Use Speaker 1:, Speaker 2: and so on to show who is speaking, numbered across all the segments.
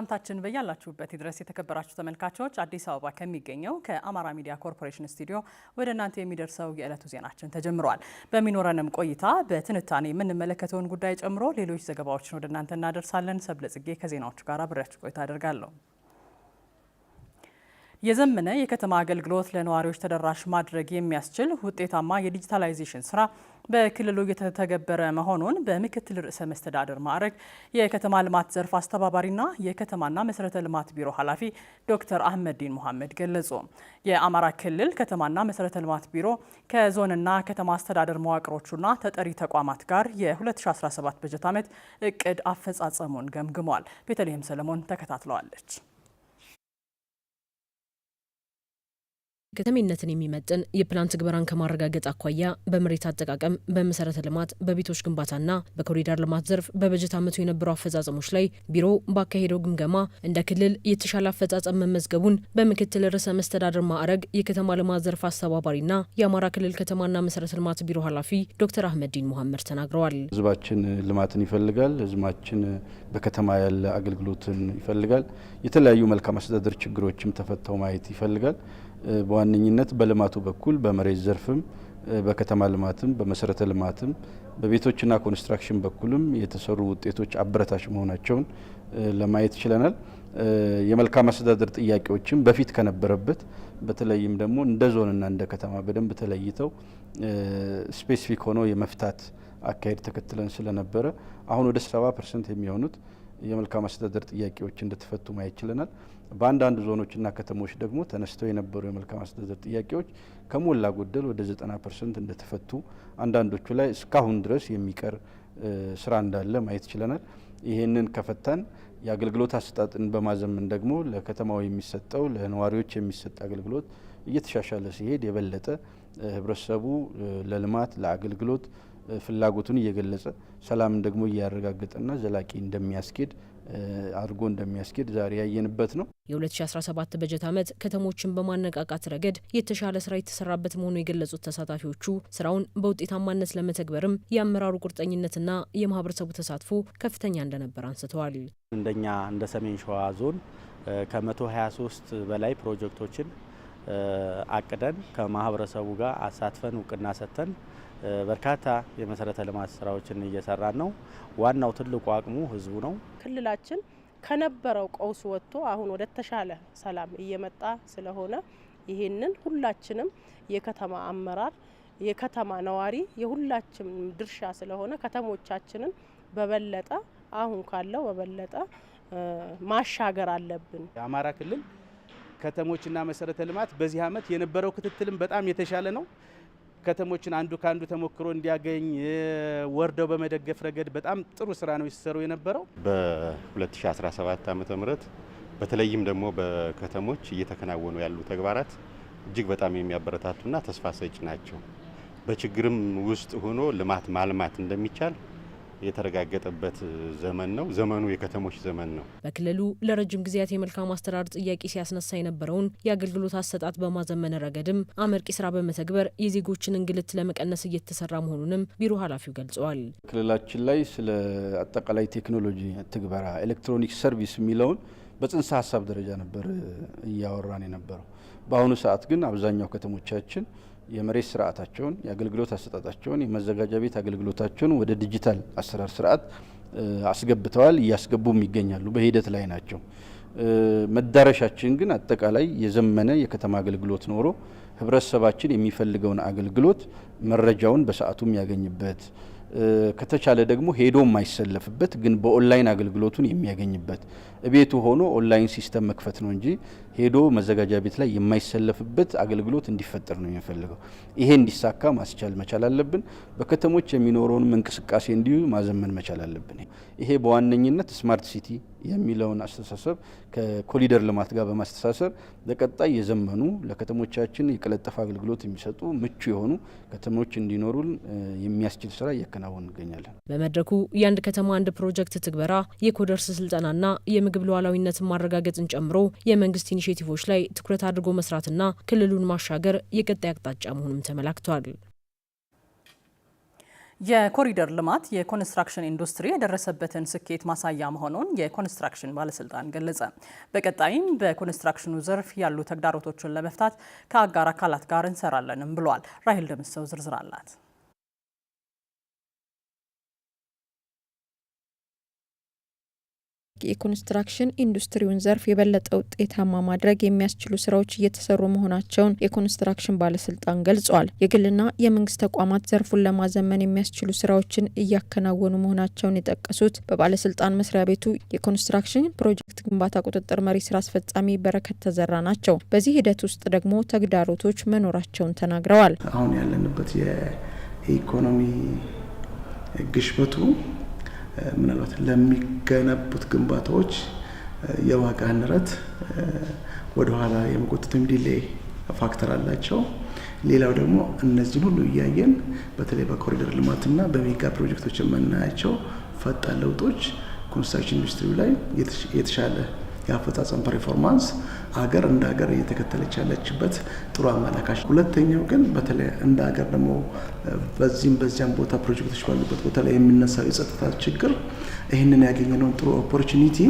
Speaker 1: ሰላምታችን በያላችሁበት ድረስ የተከበራችሁ ተመልካቾች፣ አዲስ አበባ ከሚገኘው ከአማራ ሚዲያ ኮርፖሬሽን ስቱዲዮ ወደ እናንተ የሚደርሰው የዕለቱ ዜናችን ተጀምሯል። በሚኖረንም ቆይታ በትንታኔ የምንመለከተውን ጉዳይ ጨምሮ ሌሎች ዘገባዎችን ወደ እናንተ እናደርሳለን። ሰብለጽጌ ከዜናዎቹ ጋር አብሬያችሁ ቆይታ አደርጋለሁ። የዘመነ የከተማ አገልግሎት ለነዋሪዎች ተደራሽ ማድረግ የሚያስችል ውጤታማ የዲጂታላይዜሽን ስራ በክልሉ እየተተገበረ መሆኑን በምክትል ርዕሰ መስተዳድር ማዕረግ የከተማ ልማት ዘርፍ አስተባባሪና የከተማና መሰረተ ልማት ቢሮ ኃላፊ ዶክተር አህመዲን ሙሐመድ ገለጹ። የአማራ ክልል ከተማና መሰረተ ልማት ቢሮ ከዞንና ከተማ አስተዳደር መዋቅሮቹና ተጠሪ ተቋማት ጋር የ2017 በጀት ዓመት እቅድ አፈጻጸሙን ገምግሟል። ቤተልሔም ሰለሞን ተከታትለዋለች። ከተሜነትን የሚመጥን የፕላን ትግበራን ከማረጋገጥ አኳያ በመሬት አጠቃቀም፣ በመሰረተ ልማት፣ በቤቶች ግንባታና በኮሪደር ልማት ዘርፍ በበጀት ዓመቱ የነበሩ አፈጻጸሞች ላይ ቢሮው ባካሄደው ግምገማ እንደ ክልል የተሻለ አፈጻጸም መመዝገቡን በምክትል ርዕሰ መስተዳድር ማዕረግ የከተማ ልማት ዘርፍ አስተባባሪና የአማራ ክልል ከተማና መሰረተ ልማት ቢሮ ኃላፊ ዶክተር አህመዲን ሙሐመድ ተናግረዋል።
Speaker 2: ህዝባችን ልማትን ይፈልጋል። ህዝባችን በከተማ ያለ አገልግሎትን ይፈልጋል። የተለያዩ መልካም አስተዳደር ችግሮችም ተፈተው ማየት ይፈልጋል። በዋነኝነት በልማቱ በኩል በመሬት ዘርፍም በከተማ ልማትም በመሰረተ ልማትም በቤቶችና ኮንስትራክሽን በኩልም የተሰሩ ውጤቶች አበረታች መሆናቸውን ለማየት ችለናል። የመልካም አስተዳደር ጥያቄዎችም በፊት ከነበረበት በተለይም ደግሞ እንደ ዞንና እንደ ከተማ በደንብ ተለይተው ስፔሲፊክ ሆኖ የመፍታት አካሄድ ተከትለን ስለነበረ አሁን ወደ ሰባ ፐርሰንት የሚሆኑት የመልካም አስተዳደር ጥያቄዎች እንደተፈቱ ማየት ችለናል። በአንዳንድ ዞኖችና ከተሞች ደግሞ ተነስተው የነበሩ የመልካም አስተዳደር ጥያቄዎች ከሞላ ጎደል ወደ ዘጠና ፐርሰንት እንደተፈቱ አንዳንዶቹ ላይ እስካሁን ድረስ የሚቀር ስራ እንዳለ ማየት ችለናል። ይህንን ከፈታን የአገልግሎት አሰጣጥን በማዘመን ደግሞ ለከተማው የሚሰጠው ለነዋሪዎች የሚሰጥ አገልግሎት እየተሻሻለ ሲሄድ የበለጠ ህብረተሰቡ ለልማት ለአገልግሎት ፍላጎቱን እየገለጸ ሰላምን ደግሞ እያረጋገጠና ዘላቂ እንደሚያስኬድ አድርጎ እንደሚያስኬድ ዛሬ ያየንበት ነው።
Speaker 1: የ2017 በጀት ዓመት ከተሞችን በማነቃቃት ረገድ የተሻለ ስራ የተሰራበት መሆኑ የገለጹት ተሳታፊዎቹ ስራውን በውጤታማነት ለመተግበርም የአመራሩ ቁርጠኝነትና የማህበረሰቡ ተሳትፎ ከፍተኛ እንደነበር አንስተዋል።
Speaker 3: እንደኛ እንደ ሰሜን ሸዋ ዞን ከ123 በላይ ፕሮጀክቶችን አቅደን ከማህበረሰቡ ጋር አሳትፈን እውቅና ሰጥተን በርካታ የመሰረተ ልማት ስራዎችን እየሰራን ነው። ዋናው ትልቁ አቅሙ ህዝቡ ነው።
Speaker 4: ክልላችን ከነበረው ቀውስ ወጥቶ አሁን ወደ ተሻለ ሰላም እየመጣ ስለሆነ ይህንን ሁላችንም የከተማ አመራር፣ የከተማ ነዋሪ የሁላችንም ድርሻ ስለሆነ ከተሞቻችንን በበለጠ አሁን ካለው በበለጠ ማሻገር አለብን።
Speaker 5: የአማራ ክልል ከተሞችና መሰረተ ልማት በዚህ አመት የነበረው ክትትልም በጣም የተሻለ ነው። ከተሞችን አንዱ ከአንዱ ተሞክሮ እንዲያገኝ ወርደው በመደገፍ ረገድ በጣም ጥሩ ስራ ነው ሲሰሩ የነበረው።
Speaker 6: በ2017 ዓ ም በተለይም ደግሞ በከተሞች እየተከናወኑ ያሉ ተግባራት እጅግ በጣም የሚያበረታቱና ተስፋ ሰጭ ናቸው። በችግርም ውስጥ ሆኖ ልማት ማልማት እንደሚቻል የተረጋገጠበት ዘመን ነው። ዘመኑ የከተሞች ዘመን ነው።
Speaker 1: በክልሉ ለረጅም ጊዜያት የመልካም አስተዳደር ጥያቄ ሲያስነሳ የነበረውን የአገልግሎት አሰጣጥ በማዘመን ረገድም አመርቂ ስራ በመተግበር የዜጎችን እንግልት ለመቀነስ እየተሰራ መሆኑንም ቢሮ ኃላፊው ገልጸዋል።
Speaker 7: ክልላችን ላይ ስለ አጠቃላይ ቴክኖሎጂ ትግበራ ኤሌክትሮኒክ ሰርቪስ የሚለውን በጽንሰ ሀሳብ ደረጃ ነበር እያወራን የነበረው። በአሁኑ ሰዓት ግን አብዛኛው ከተሞቻችን የመሬት ስርዓታቸውን፣ የአገልግሎት አሰጣጣቸውን፣ የመዘጋጃ ቤት አገልግሎታቸውን ወደ ዲጂታል አሰራር ስርዓት አስገብተዋል፣ እያስገቡም ይገኛሉ። በሂደት ላይ ናቸው። መዳረሻችን ግን አጠቃላይ የዘመነ የከተማ አገልግሎት ኖሮ ህብረተሰባችን የሚፈልገውን አገልግሎት መረጃውን በሰዓቱ የሚያገኝበት ከተቻለ ደግሞ ሄዶ የማይሰለፍበት ግን በኦንላይን አገልግሎቱን የሚያገኝበት ቤቱ ሆኖ ኦንላይን ሲስተም መክፈት ነው እንጂ ሄዶ መዘጋጃ ቤት ላይ የማይሰለፍበት አገልግሎት እንዲፈጠር ነው የሚፈልገው ይሄ እንዲሳካ ማስቻል መቻል አለብን። በከተሞች የሚኖረውንም እንቅስቃሴ እንዲሁ ማዘመን መቻል አለብን። ይሄ በዋነኝነት ስማርት ሲቲ የሚለውን አስተሳሰብ ከኮሊደር ልማት ጋር በማስተሳሰር በቀጣይ የዘመኑ ለከተሞቻችን የቀለጠፈ አገልግሎት የሚሰጡ ምቹ የሆኑ ከተሞች እንዲኖሩን የሚያስችል ስራ እያከናወን እንገኛለን።
Speaker 1: በመድረኩ የአንድ ከተማ አንድ ፕሮጀክት ትግበራ፣ የኮደርስ ስልጠናና የምግብ ሉዓላዊነትን ማረጋገጥን ጨምሮ የመንግስት ኢኒሽ ኢኒሽቲቮች ላይ ትኩረት አድርጎ መስራትና ክልሉን ማሻገር የቀጣይ አቅጣጫ መሆኑም ተመላክቷል። የኮሪደር ልማት የኮንስትራክሽን ኢንዱስትሪ የደረሰበትን ስኬት ማሳያ መሆኑን የኮንስትራክሽን ባለስልጣን ገለጸ። በቀጣይም በኮንስትራክሽኑ ዘርፍ ያሉ ተግዳሮቶችን ለመፍታት ከአጋር አካላት ጋር እንሰራለንም ብሏል። ራሄል ደምሰው ዝርዝር አላት። የኮንስትራክሽን ኢንዱስትሪውን ዘርፍ የበለጠ ውጤታማ ማድረግ የሚያስችሉ ስራዎች እየተሰሩ መሆናቸውን የኮንስትራክሽን ባለስልጣን ገልጿል። የግልና የመንግስት ተቋማት ዘርፉን ለማዘመን የሚያስችሉ ስራዎችን እያከናወኑ መሆናቸውን የጠቀሱት በባለስልጣን መስሪያ ቤቱ የኮንስትራክሽን ፕሮጀክት ግንባታ ቁጥጥር መሪ ስራ አስፈጻሚ በረከት ተዘራ ናቸው። በዚህ ሂደት ውስጥ ደግሞ ተግዳሮቶች መኖራቸውን ተናግረዋል።
Speaker 8: አሁን ያለንበት የኢኮኖሚ ግሽበቱ ምናልባት ለሚገነቡት ግንባታዎች የዋጋ ንረት ወደኋላ የመቆጠትም ዲሌይ ፋክተር አላቸው። ሌላው ደግሞ እነዚህን ሁሉ እያየን በተለይ በኮሪደር ልማትና በሜጋ ፕሮጀክቶች የምናያቸው ፈጣን ለውጦች ኮንስትራክሽን ኢንዱስትሪው ላይ የተሻለ የአፈጻጸም ፐርፎርማንስ አገር እንደ ሀገር እየተከተለች ያለችበት ጥሩ አመላካች። ሁለተኛው ግን በተለይ እንደ ሀገር ደግሞ በዚህም በዚያም ቦታ ፕሮጀክቶች ባሉበት ቦታ ላይ የሚነሳው የጸጥታ ችግር ይህንን ያገኘነውን ጥሩ ኦፖርቹኒቲ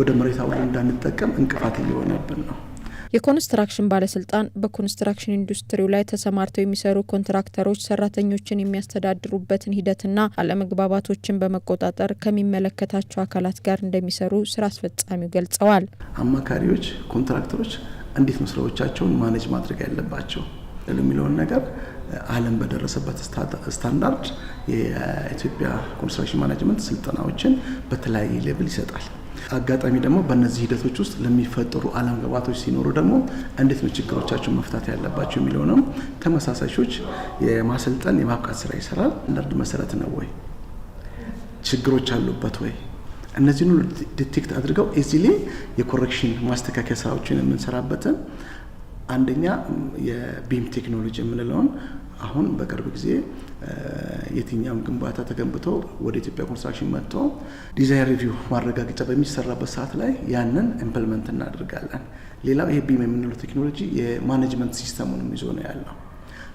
Speaker 8: ወደ መሬት አውሎ እንዳንጠቀም እንቅፋት እየሆነብን ነው።
Speaker 1: የኮንስትራክሽን ባለስልጣን በኮንስትራክሽን ኢንዱስትሪው ላይ ተሰማርተው የሚሰሩ ኮንትራክተሮች ሰራተኞችን የሚያስተዳድሩበትን ሂደትና አለመግባባቶችን በመቆጣጠር ከሚመለከታቸው አካላት ጋር እንደሚሰሩ ስራ አስፈጻሚው ገልጸዋል።
Speaker 8: አማካሪዎች፣ ኮንትራክተሮች እንዴት ነው ስራዎቻቸውን ማኔጅ ማድረግ ያለባቸው የሚለውን ነገር ዓለም በደረሰበት ስታንዳርድ የኢትዮጵያ ኮንስትራክሽን ማናጅመንት ስልጠናዎችን በተለያየ ሌቭል ይሰጣል። አጋጣሚ ደግሞ በእነዚህ ሂደቶች ውስጥ ለሚፈጠሩ አለመግባባቶች ሲኖሩ ደግሞ እንዴት ነው ችግሮቻቸው መፍታት ያለባቸው የሚለውንም ተመሳሳሾች የማሰልጠን የማብቃት ስራ ይሰራል። ለርድ መሰረት ነው ወይ ችግሮች አሉበት ወይ እነዚህን ሁሉ ዲቴክት አድርገው እዚህ የኮሬክሽን ማስተካከያ ስራዎችን የምንሰራበትን አንደኛ የቢም ቴክኖሎጂ የምንለውን አሁን በቅርብ ጊዜ የትኛው ግንባታ ተገንብቶ ወደ ኢትዮጵያ ኮንስትራክሽን መጥቶ ዲዛይን ሪቪው ማረጋገጫ በሚሰራበት ሰዓት ላይ ያንን ኢምፕልመንት እናደርጋለን። ሌላው ይሄ ቢም የምንለው ቴክኖሎጂ የማኔጅመንት ሲስተሙንም ይዞ ነው ያለው።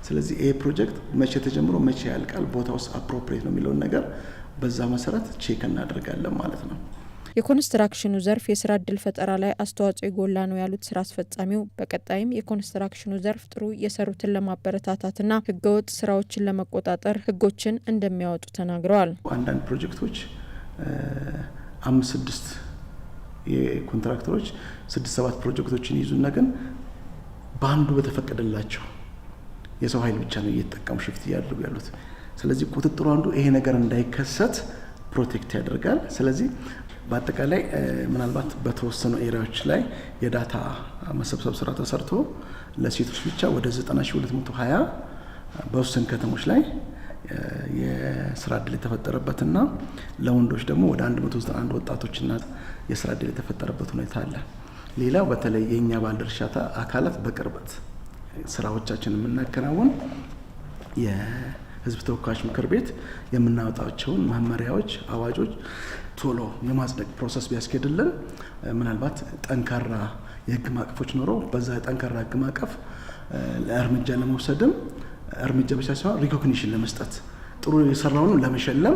Speaker 8: ስለዚህ ይሄ ፕሮጀክት መቼ ተጀምሮ መቼ ያልቃል፣ ቦታ ውስጥ አፕሮፕሬት ነው የሚለውን ነገር በዛ መሰረት ቼክ እናደርጋለን ማለት ነው።
Speaker 1: የኮንስትራክሽኑ ዘርፍ የስራ እድል ፈጠራ ላይ አስተዋጽኦ የጎላ ነው ያሉት ስራ አስፈጻሚው በቀጣይም የኮንስትራክሽኑ ዘርፍ ጥሩ የሰሩትን ለማበረታታትና ህገወጥ ስራዎችን ለመቆጣጠር ህጎችን እንደሚያወጡ ተናግረዋል።
Speaker 8: አንዳንድ ፕሮጀክቶች አምስት ስድስት የኮንትራክተሮች ስድስት ሰባት ፕሮጀክቶችን ይዙና ግን በአንዱ በተፈቀደላቸው የሰው ኃይል ብቻ ነው እየተጠቀሙ ሽፍት እያደረጉ ያሉት። ስለዚህ ቁጥጥሩ አንዱ ይሄ ነገር እንዳይከሰት ፕሮቴክት ያደርጋል። ስለዚህ በአጠቃላይ ምናልባት በተወሰኑ ኤሪያዎች ላይ የዳታ መሰብሰብ ስራ ተሰርቶ ለሴቶች ብቻ ወደ 9220 በውስን ከተሞች ላይ የስራ እድል የተፈጠረበትና ለወንዶች ደግሞ ወደ 191 ወጣቶችና የስራ እድል የተፈጠረበት ሁኔታ አለ። ሌላው በተለይ የእኛ ባለድርሻ አካላት በቅርበት ስራዎቻችን የምናከናውን የህዝብ ተወካዮች ምክር ቤት የምናወጣቸውን መመሪያዎች፣ አዋጆች ቶሎ የማጽደቅ ፕሮሰስ ቢያስኬድልን ምናልባት ጠንካራ የህግ ማቀፎች ኖሮ በዛ ጠንካራ ህግ ማቀፍ እርምጃ ለመውሰድም እርምጃ ብቻ ሳይሆን ሪኮግኒሽን ለመስጠት ጥሩ የሰራውን ለመሸለም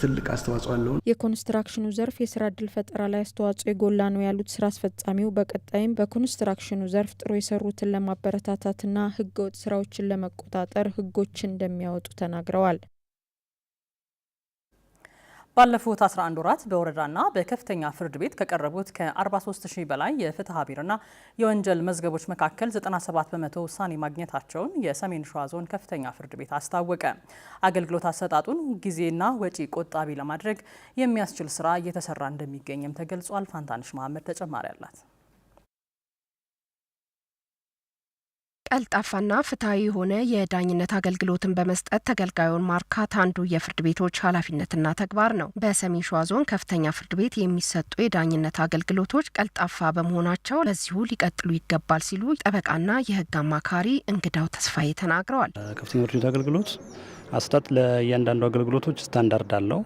Speaker 8: ትልቅ አስተዋጽኦ አለው።
Speaker 1: የኮንስትራክሽኑ ዘርፍ የስራ እድል ፈጠራ ላይ አስተዋጽኦ የጎላ ነው ያሉት ስራ አስፈጻሚው፣ በቀጣይም በኮንስትራክሽኑ ዘርፍ ጥሩ የሰሩትን ለማበረታታትና ህገወጥ ስራዎችን ለመቆጣጠር ህጎችን እንደሚያወጡ ተናግረዋል። ባለፉት 11 ወራት በወረዳና በከፍተኛ ፍርድ ቤት ከቀረቡት ከ43000 በላይ የፍትሐ ብሔርና የወንጀል መዝገቦች መካከል 97 በመቶ ውሳኔ ማግኘታቸውን የሰሜን ሸዋ ዞን ከፍተኛ ፍርድ ቤት አስታወቀ። አገልግሎት አሰጣጡን ጊዜና ወጪ ቆጣቢ ለማድረግ የሚያስችል ስራ እየተሰራ እንደሚገኝም ተገልጿል። ፋንታንሽ መሀመድ ተጨማሪ አላት። ቀልጣፋና ፍትሐዊ የሆነ የዳኝነት አገልግሎትን በመስጠት ተገልጋዩን ማርካት አንዱ የፍርድ ቤቶች ኃላፊነትና ተግባር ነው። በሰሜን ሸዋ ዞን ከፍተኛ ፍርድ ቤት የሚሰጡ የዳኝነት አገልግሎቶች ቀልጣፋ በመሆናቸው ለዚሁ ሊቀጥሉ ይገባል ሲሉ ጠበቃና የሕግ አማካሪ እንግዳው ተስፋዬ ተናግረዋል።
Speaker 9: ከፍተኛ ፍርድ ቤት አገልግሎት አሰጣጥ ለእያንዳንዱ አገልግሎቶች ስታንዳርድ አለው።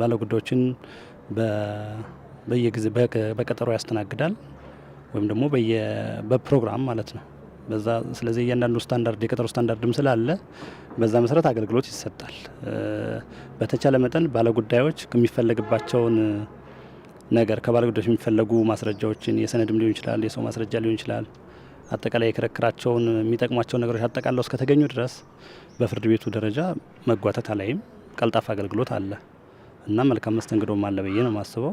Speaker 9: ባለጉዳዮችን በየጊዜ በቀጠሮ ያስተናግዳል ወይም ደግሞ በፕሮግራም ማለት ነው በዛ ስለዚህ እያንዳንዱ ስታንዳርድ የቀጠሮ ስታንዳርድም ስላለ በዛ መሰረት አገልግሎት ይሰጣል። በተቻለ መጠን ባለጉዳዮች የሚፈለግባቸውን ነገር ከባለጉዳዮች የሚፈለጉ ማስረጃዎችን የሰነድም ሊሆን ይችላል፣ የሰው ማስረጃ ሊሆን ይችላል። አጠቃላይ የክርክራቸውን የሚጠቅሟቸውን ነገሮች አጠቃለው እስከተገኙ ድረስ በፍርድ ቤቱ ደረጃ መጓተት አላይም። ቀልጣፋ አገልግሎት አለ እና መልካም መስተንግዶም አለ ብዬ ነው የማስበው።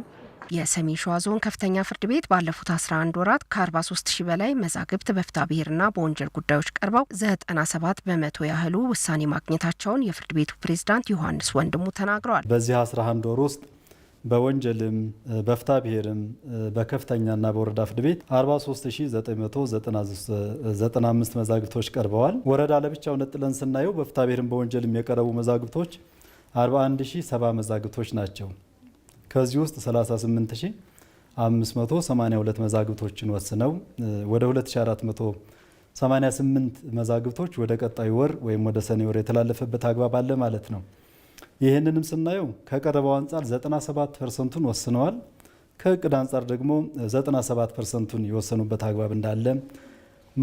Speaker 1: የሰሜን ሸዋ ዞን ከፍተኛ ፍርድ ቤት ባለፉት 11 ወራት ከ43 ሺህ በላይ መዛግብት በፍታ ብሔርና በወንጀል ጉዳዮች ቀርበው 97 በመቶ ያህሉ ውሳኔ ማግኘታቸውን የፍርድ ቤቱ ፕሬዝዳንት ዮሐንስ ወንድሙ ተናግረዋል።
Speaker 10: በዚህ 11 ወር ውስጥ በወንጀልም በፍታ ብሔርም በከፍተኛና በወረዳ ፍርድ ቤት 43995 መዛግብቶች ቀርበዋል። ወረዳ ለብቻው ነጥለን ስናየው በፍታ ብሔርም በወንጀልም የቀረቡ መዛግብቶች 41070 መዛግብቶች ናቸው። ከዚህ ውስጥ 38582 መዛግብቶችን ወስነው ወደ 2488 መዛግብቶች ወደ ቀጣይ ወር ወይም ወደ ሰኔ ወር የተላለፈበት አግባብ አለ ማለት ነው። ይህንንም ስናየው ከቀረበው አንጻር 97 ፐርሰንቱን ወስነዋል። ከእቅድ አንጻር ደግሞ 97 ፐርሰንቱን የወሰኑበት አግባብ እንዳለ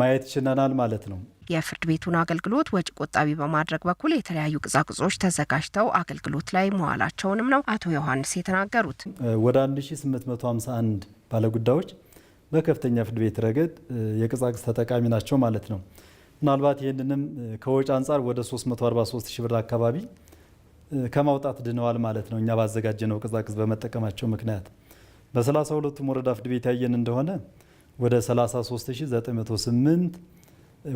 Speaker 10: ማየት ችለናል ማለት ነው።
Speaker 1: የፍርድ ቤቱን አገልግሎት ወጪ ቆጣቢ በማድረግ በኩል የተለያዩ ቁሳቁሶች ተዘጋጅተው አገልግሎት ላይ መዋላቸውንም ነው አቶ ዮሐንስ የተናገሩት።
Speaker 10: ወደ 1851 ባለጉዳዮች በከፍተኛ ፍርድ ቤት ረገድ የቁሳቁስ ተጠቃሚ ናቸው ማለት ነው። ምናልባት ይህንንም ከወጪ አንጻር ወደ 343 ሺ ብር አካባቢ ከማውጣት ድነዋል ማለት ነው። እኛ ባዘጋጀነው ቁሳቁስ በመጠቀማቸው ምክንያት በ32ቱም ወረዳ ፍርድ ቤት ያየን እንደሆነ ወደ 33908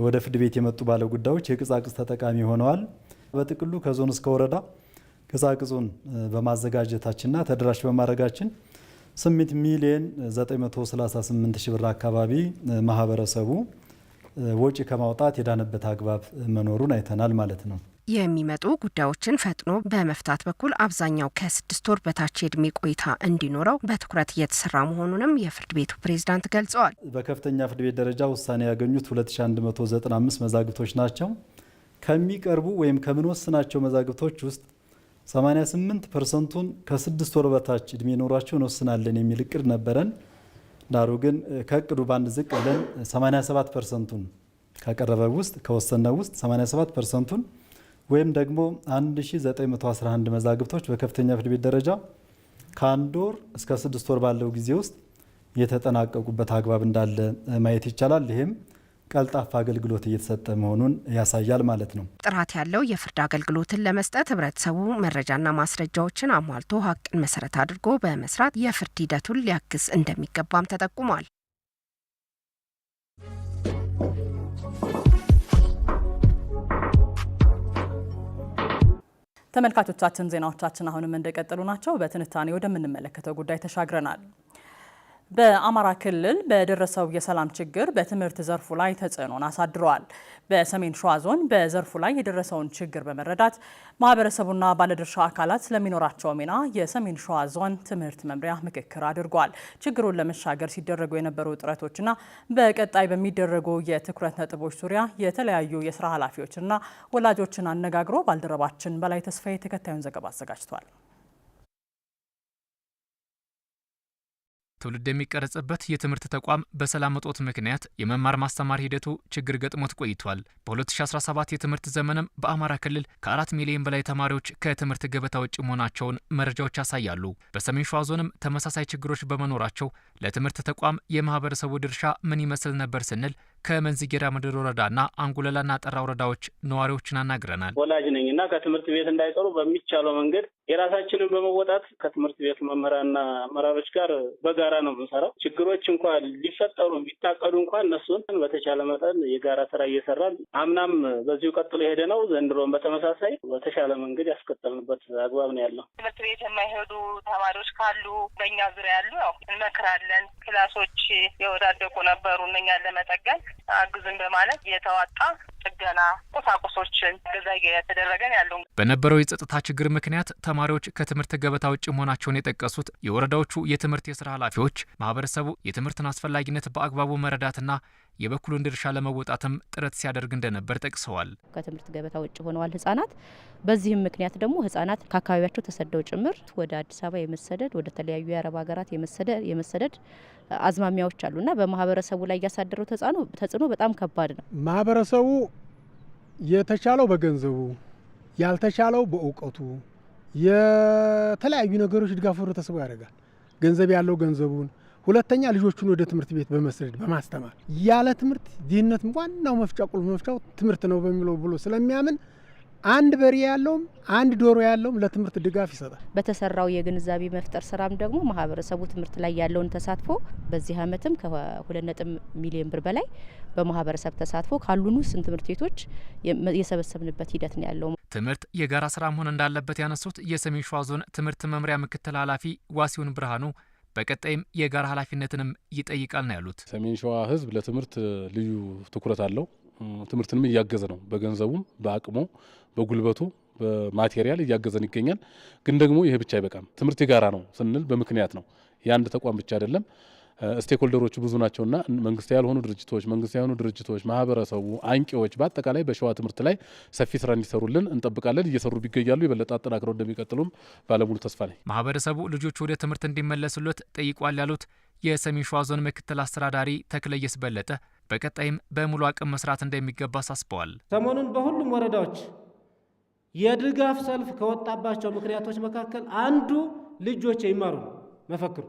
Speaker 10: ወደ ፍርድ ቤት የመጡ ባለ ጉዳዮች የቅጻቅጽ ተጠቃሚ ሆነዋል። በጥቅሉ ከዞን እስከ ወረዳ ቅጻቅጹን በማዘጋጀታችንና ተደራሽ በማድረጋችን 8 ሚሊዮን 938 ሺህ ብር አካባቢ ማህበረሰቡ ወጪ ከማውጣት የዳነበት አግባብ መኖሩን አይተናል ማለት ነው።
Speaker 1: የሚመጡ ጉዳዮችን ፈጥኖ በመፍታት በኩል አብዛኛው ከስድስት ወር በታች የእድሜ ቆይታ እንዲኖረው በትኩረት እየተሰራ መሆኑንም የፍርድ ቤቱ ፕሬዝዳንት ገልጸዋል።
Speaker 10: በከፍተኛ ፍርድ ቤት ደረጃ ውሳኔ ያገኙት 2195 መዛግብቶች ናቸው። ከሚቀርቡ ወይም ከምንወስናቸው መዛግብቶች ውስጥ 88 ፐርሰንቱን ከስድስት ወር በታች እድሜ ኖሯቸው እንወስናለን የሚል እቅድ ነበረን። ዳሩ ግን ከእቅዱ በአንድ ዝቅ ብለን 87 ፐርሰንቱን ከቀረበ ውስጥ ከወሰነ ውስጥ 87 ፐርሰንቱን ወይም ደግሞ 1911 መዛግብቶች በከፍተኛ ፍርድ ቤት ደረጃ ከአንድ ወር እስከ ስድስት ወር ባለው ጊዜ ውስጥ የተጠናቀቁበት አግባብ እንዳለ ማየት ይቻላል። ይህም ቀልጣፋ አገልግሎት እየተሰጠ መሆኑን ያሳያል ማለት ነው።
Speaker 1: ጥራት ያለው የፍርድ አገልግሎትን ለመስጠት ህብረተሰቡ መረጃና ማስረጃዎችን አሟልቶ ሀቅን መሰረት አድርጎ በመስራት የፍርድ ሂደቱን ሊያግዝ እንደሚገባም ተጠቁሟል። ተመልካቾቻችን ዜናዎቻችን አሁንም እንደቀጠሉ ናቸው። በትንታኔ ወደምንመለከተው ጉዳይ ተሻግረናል። በአማራ ክልል በደረሰው የሰላም ችግር በትምህርት ዘርፉ ላይ ተጽዕኖን አሳድረዋል። በሰሜን ሸዋ ዞን በዘርፉ ላይ የደረሰውን ችግር በመረዳት ማህበረሰቡና ባለድርሻ አካላት ስለሚኖራቸው ሚና የሰሜን ሸዋ ዞን ትምህርት መምሪያ ምክክር አድርጓል። ችግሩን ለመሻገር ሲደረጉ የነበሩ ጥረቶችና በቀጣይ በሚደረጉ የትኩረት ነጥቦች ዙሪያ የተለያዩ የስራ ኃላፊዎችና ወላጆችን አነጋግሮ ባልደረባችን በላይ ተስፋዬ ተከታዩን ዘገባ አዘጋጅቷል።
Speaker 11: ትውልድ የሚቀረጽበት የትምህርት ተቋም በሰላም እጦት ምክንያት የመማር ማስተማር ሂደቱ ችግር ገጥሞት ቆይቷል። በ2017 የትምህርት ዘመንም በአማራ ክልል ከ4 ሚሊዮን በላይ ተማሪዎች ከትምህርት ገበታ ውጭ መሆናቸውን መረጃዎች ያሳያሉ። በሰሜን ሸዋ ዞንም ተመሳሳይ ችግሮች በመኖራቸው ለትምህርት ተቋም የማህበረሰቡ ድርሻ ምን ይመስል ነበር ስንል ከመንዝጌራ ምድር ወረዳና አንጉለላና ጠራ ወረዳዎች ነዋሪዎችን አናግረናል።
Speaker 12: ወላጅ ነኝ እና ከትምህርት ቤት እንዳይቀሩ በሚቻለው መንገድ የራሳችንን በመወጣት ከትምህርት ቤት መምህራንና አመራሮች ጋር በጋራ ነው የምንሰራው። ችግሮች እንኳን ሊፈጠሩ ቢታቀዱ እንኳን እነሱን በተቻለ መጠን የጋራ ስራ እየሰራን አምናም በዚሁ ቀጥሎ የሄደ ነው። ዘንድሮም በተመሳሳይ በተሻለ መንገድ ያስቀጠልንበት አግባብ ነው ያለው።
Speaker 13: ትምህርት ቤት የማይሄዱ ተማሪዎች ካሉ በእኛ ዙሪያ ያሉ ያው እንመክራለን። ክላሶች የወዳደቁ ነበሩ እነኛን ለመጠገን አግዝን በማለት የተዋጣ ጥገና ቁሳቁሶችን ገዛ የተደረገን ያሉ።
Speaker 11: በነበረው የጸጥታ ችግር ምክንያት ተማሪዎች ከትምህርት ገበታ ውጭ መሆናቸውን የጠቀሱት የወረዳዎቹ የትምህርት የስራ ኃላፊዎች ማህበረሰቡ የትምህርትን አስፈላጊነት በአግባቡ መረዳትና የበኩሉን ድርሻ ለመወጣትም ጥረት ሲያደርግ እንደነበር ጠቅሰዋል።
Speaker 14: ከትምህርት ገበታ ውጭ ሆነዋል ህጻናት። በዚህም ምክንያት ደግሞ ህጻናት ከአካባቢያቸው ተሰደው ጭምር ወደ አዲስ አበባ የመሰደድ ወደ ተለያዩ የአረብ ሀገራት የመሰደድ አዝማሚያዎች አሉና በማህበረሰቡ ላይ እያሳደረው ተጽዕኖ በጣም ከባድ ነው።
Speaker 15: ማህበረሰቡ የተቻለው በገንዘቡ ያልተቻለው በእውቀቱ የተለያዩ ነገሮች ድጋፍ ህብረተሰቡ ያደርጋል። ገንዘብ ያለው ገንዘቡን ሁለተኛ ልጆቹን ወደ ትምህርት ቤት በመስረድ በማስተማር ያለ ትምህርት ድህነት ዋናው መፍጫ ቁልፍ መፍጫው ትምህርት ነው በሚለው ብሎ ስለሚያምን አንድ በሬ ያለውም አንድ ዶሮ ያለውም ለትምህርት ድጋፍ ይሰጣል።
Speaker 14: በተሰራው የግንዛቤ መፍጠር ስራም ደግሞ ማህበረሰቡ ትምህርት ላይ ያለውን ተሳትፎ በዚህ አመትም ከ ነጥብ ሚሊዮን ብር በላይ በማህበረሰብ ተሳትፎ ካሉኑ ስን ትምህርት ቤቶች የሰበሰብንበት ሂደት ነው ያለው።
Speaker 11: ትምህርት የጋራ ስራ መሆን እንዳለበት ያነሱት የሰሜን ሸዋ ዞን ትምህርት መምሪያ ምክትል ኃላፊ ዋሲሁን ብርሃኑ በቀጣይም የጋራ ኃላፊነትንም ይጠይቃል ነው ያሉት።
Speaker 16: ሰሜን ሸዋ ህዝብ ለትምህርት ልዩ ትኩረት አለው። ትምህርትንም እያገዘ ነው። በገንዘቡም፣ በአቅሙ፣ በጉልበቱ፣ በማቴሪያል እያገዘን ይገኛል። ግን ደግሞ ይሄ ብቻ አይበቃም። ትምህርት የጋራ ነው ስንል በምክንያት ነው። የአንድ ተቋም ብቻ አይደለም። ስቴክሆልደሮቹ ብዙ ናቸውና መንግስት ያልሆኑ ድርጅቶች፣ መንግስት ያልሆኑ ድርጅቶች፣ ማህበረሰቡ፣ አንቂዎች በአጠቃላይ በሸዋ ትምህርት ላይ ሰፊ ስራ እንዲሰሩልን እንጠብቃለን። እየሰሩ ቢገኛሉ የበለጠ አጠናክረው እንደሚቀጥሉም ባለሙሉ ተስፋ ነኝ።
Speaker 11: ማህበረሰቡ ልጆቹ ወደ ትምህርት እንዲመለሱለት ጠይቋል ያሉት የሰሜን ሸዋ ዞን ምክትል አስተዳዳሪ ተክለየስ በለጠ በቀጣይም በሙሉ አቅም መስራት እንደሚገባ አሳስበዋል።
Speaker 17: ሰሞኑን በሁሉም ወረዳዎች የድጋፍ ሰልፍ ከወጣባቸው ምክንያቶች መካከል አንዱ ልጆች ይማሩ መፈክሩ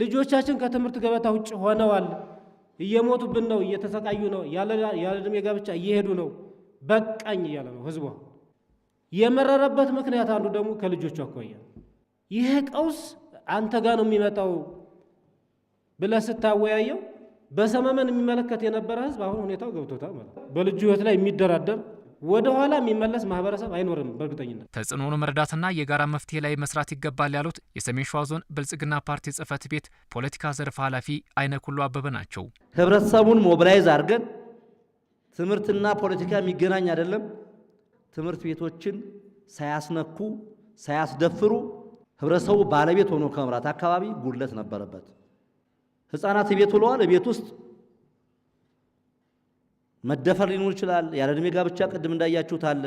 Speaker 17: ልጆቻችን ከትምህርት ገበታ ውጭ ሆነዋል። እየሞቱብን ነው፣ እየተሰቃዩ ነው፣ ያለ ዕድሜ ጋብቻ እየሄዱ ነው። በቃኝ እያለ ነው ህዝቧ። የመረረበት ምክንያት አንዱ ደግሞ ከልጆቹ አኳያ ይህ ቀውስ አንተ ጋር ነው የሚመጣው ብለህ ስታወያየው በሰመመን የሚመለከት የነበረ ህዝብ አሁን ሁኔታው ገብቶታል ማለት በልጁ ህይወት ላይ የሚደራደር ወደ ኋላ የሚመለስ ማህበረሰብ አይኖርም። በእርግጠኝነት
Speaker 11: ተጽዕኖውን መረዳትና የጋራ መፍትሄ ላይ መስራት ይገባል ያሉት የሰሜን ሸዋ ዞን ብልጽግና ፓርቲ ጽህፈት ቤት ፖለቲካ ዘርፍ ኃላፊ አይነኩሉ አበበ ናቸው።
Speaker 17: ህብረተሰቡን ሞብላይዝ አድርገን ትምህርትና ፖለቲካ የሚገናኝ አይደለም። ትምህርት ቤቶችን ሳያስነኩ ሳያስደፍሩ ህብረተሰቡ ባለቤት ሆኖ ከመምራት አካባቢ ጉድለት ነበረበት። ህፃናት ቤት ውለዋል። ቤት ውስጥ መደፈር ሊኖር ይችላል። ያለ ዕድሜ ጋብቻ ቅድም እንዳያችሁት አለ።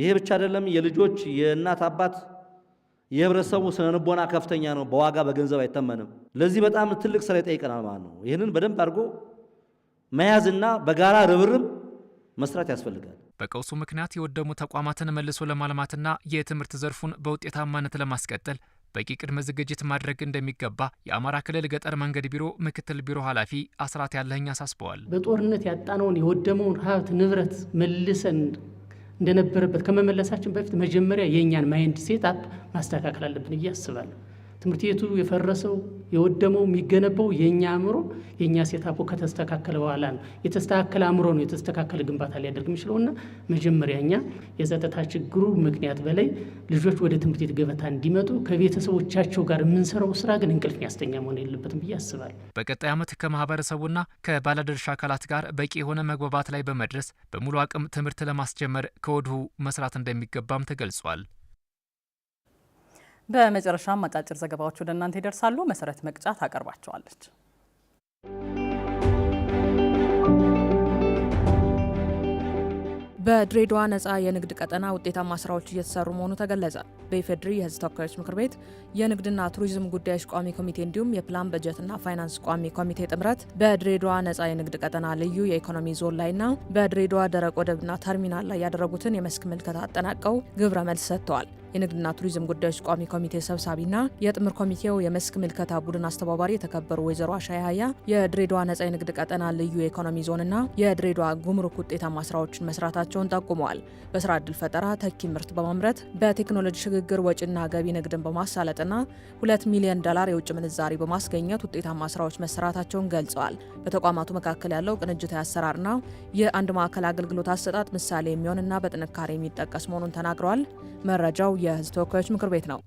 Speaker 17: ይሄ ብቻ አይደለም። የልጆች የእናት አባት የህብረተሰቡ ስነ ልቦና ከፍተኛ ነው። በዋጋ በገንዘብ አይተመንም። ለዚህ በጣም ትልቅ ስራ ይጠይቀናል ማለት ነው። ይህንን በደንብ አድርጎ መያዝና በጋራ ርብርብ መስራት ያስፈልጋል።
Speaker 11: በቀውሱ ምክንያት የወደሙ ተቋማትን መልሶ ለማልማትና የትምህርት ዘርፉን በውጤታማነት ለማስቀጠል በቂ ቅድመ ዝግጅት ማድረግ እንደሚገባ የአማራ ክልል ገጠር መንገድ ቢሮ ምክትል ቢሮ ኃላፊ አስራት ያለህኝ አሳስበዋል።
Speaker 18: በጦርነት ያጣነውን የወደመውን ሀብት ንብረት መልሰን እንደነበረበት ከመመለሳችን በፊት መጀመሪያ የእኛን ማይንድ ሴት አፕ ማስተካከል አለብን እያስባለሁ ትምህርት ቤቱ የፈረሰው የወደመው የሚገነባው የእኛ አእምሮ የእኛ ሴት አፖ ከተስተካከለ በኋላ ነው። የተስተካከለ አእምሮ ነው የተስተካከለ ግንባታ ሊያደርግ የሚችለውና መጀመሪያ እኛ የጸጥታ ችግሩ ምክንያት በላይ ልጆች ወደ ትምህርት ቤት ገበታ እንዲመጡ ከቤተሰቦቻቸው ጋር የምንሰራው ስራ ግን እንቅልፍ የሚያስተኛ መሆን የለበትም ብዬ አስባለሁ።
Speaker 11: በቀጣይ ዓመት ከማህበረሰቡና ከባለድርሻ አካላት ጋር በቂ የሆነ መግባባት ላይ በመድረስ በሙሉ አቅም ትምህርት ለማስጀመር ከወዲሁ መስራት እንደሚገባም ተገልጿል።
Speaker 1: በመጨረሻም አጫጭር ዘገባዎች ወደ እናንተ ይደርሳሉ። መሰረት መቅጫ ታቀርባቸዋለች። በድሬዳዋ ነጻ የንግድ ቀጠና ውጤታማ ስራዎች እየተሰሩ መሆኑ ተገለጸ። በኢፌድሪ የህዝብ ተወካዮች ምክር ቤት የንግድና ቱሪዝም ጉዳዮች ቋሚ ኮሚቴ እንዲሁም የፕላን በጀትና ፋይናንስ ቋሚ ኮሚቴ ጥምረት በድሬዳዋ ነጻ የንግድ ቀጠና ልዩ የኢኮኖሚ ዞን ላይና በድሬዳዋ ደረቅ ወደብና ተርሚናል ላይ ያደረጉትን የመስክ ምልከታ አጠናቀው ግብረ መልስ ሰጥተዋል። የንግድና ቱሪዝም ጉዳዮች ቋሚ ኮሚቴ ሰብሳቢና የጥምር ኮሚቴው የመስክ ምልከታ ቡድን አስተባባሪ የተከበሩ ወይዘሮ አሻይ ሀያ የድሬዳዋ ነጻ የንግድ ቀጠና ልዩ የኢኮኖሚ ዞንና የድሬዳዋ ጉምሩክ ውጤታማ ስራዎችን መስራታቸውን ጠቁመዋል። በስራ እድል ፈጠራ፣ ተኪ ምርት በማምረት በቴክኖሎጂ ሽግግር፣ ወጪና ገቢ ንግድን በማሳለጥና ሁለት ሚሊዮን ዶላር የውጭ ምንዛሪ በማስገኘት ውጤታማ ስራዎች መሰራታቸውን ገልጸዋል። በተቋማቱ መካከል ያለው ቅንጅታዊ አሰራርና የአንድ ማዕከል አገልግሎት አሰጣጥ ምሳሌ የሚሆንና በጥንካሬ የሚጠቀስ መሆኑን ተናግረዋል። መረጃው የህዝብ ተወካዮች ምክር ቤት ነው።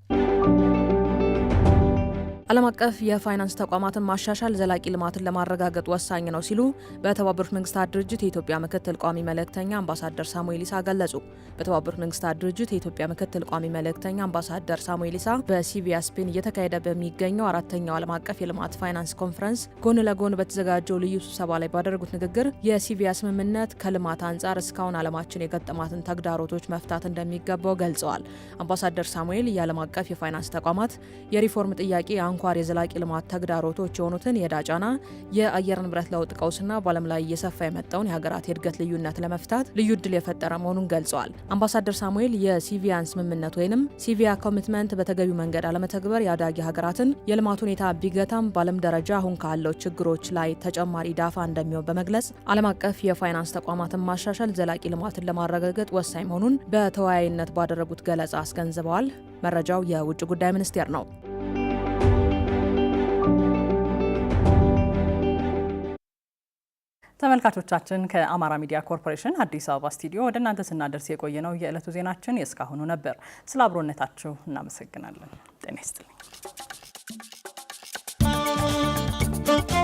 Speaker 1: ዓለም አቀፍ የፋይናንስ ተቋማትን ማሻሻል ዘላቂ ልማትን ለማረጋገጥ ወሳኝ ነው ሲሉ በተባበሩት መንግስታት ድርጅት የኢትዮጵያ ምክትል ቋሚ መልእክተኛ አምባሳደር ሳሙኤል ኢሳ ገለጹ። በተባበሩት መንግስታት ድርጅት የኢትዮጵያ ምክትል ቋሚ መልእክተኛ አምባሳደር ሳሙኤል ኢሳ በሲቪያ ስፔን እየተካሄደ በሚገኘው አራተኛው ዓለም አቀፍ የልማት ፋይናንስ ኮንፈረንስ ጎን ለጎን በተዘጋጀው ልዩ ስብሰባ ላይ ባደረጉት ንግግር የሲቪያ ስምምነት ከልማት አንጻር እስካሁን ዓለማችን የገጠማትን ተግዳሮቶች መፍታት እንደሚገባው ገልጸዋል። አምባሳደር ሳሙኤል የዓለም አቀፍ የፋይናንስ ተቋማት የሪፎርም ጥያቄ አንኳር የዘላቂ ልማት ተግዳሮቶች የሆኑትን የዕዳ ጫና፣ የአየር ንብረት ለውጥ ቀውስና በዓለም ላይ እየሰፋ የመጣውን የሀገራት የእድገት ልዩነት ለመፍታት ልዩ እድል የፈጠረ መሆኑን ገልጸዋል። አምባሳደር ሳሙኤል የሲቪያን ስምምነት ወይንም ሲቪያ ኮሚትመንት በተገቢው መንገድ አለመተግበር የአዳጊ ሀገራትን የልማት ሁኔታ ቢገታም በዓለም ደረጃ አሁን ካለው ችግሮች ላይ ተጨማሪ ዳፋ እንደሚሆን በመግለጽ ዓለም አቀፍ የፋይናንስ ተቋማትን ማሻሻል ዘላቂ ልማትን ለማረጋገጥ ወሳኝ መሆኑን በተወያይነት ባደረጉት ገለጻ አስገንዝበዋል። መረጃው የውጭ ጉዳይ ሚኒስቴር ነው። ተመልካቾቻችን ከአማራ ሚዲያ ኮርፖሬሽን አዲስ አበባ ስቱዲዮ ወደ እናንተ ስናደርስ ነው የዕለቱ ዜናችን የእስካሁኑ ነበር። ስለ አብሮነታችሁ እናመሰግናለን። ጤና ይስጥልኝ።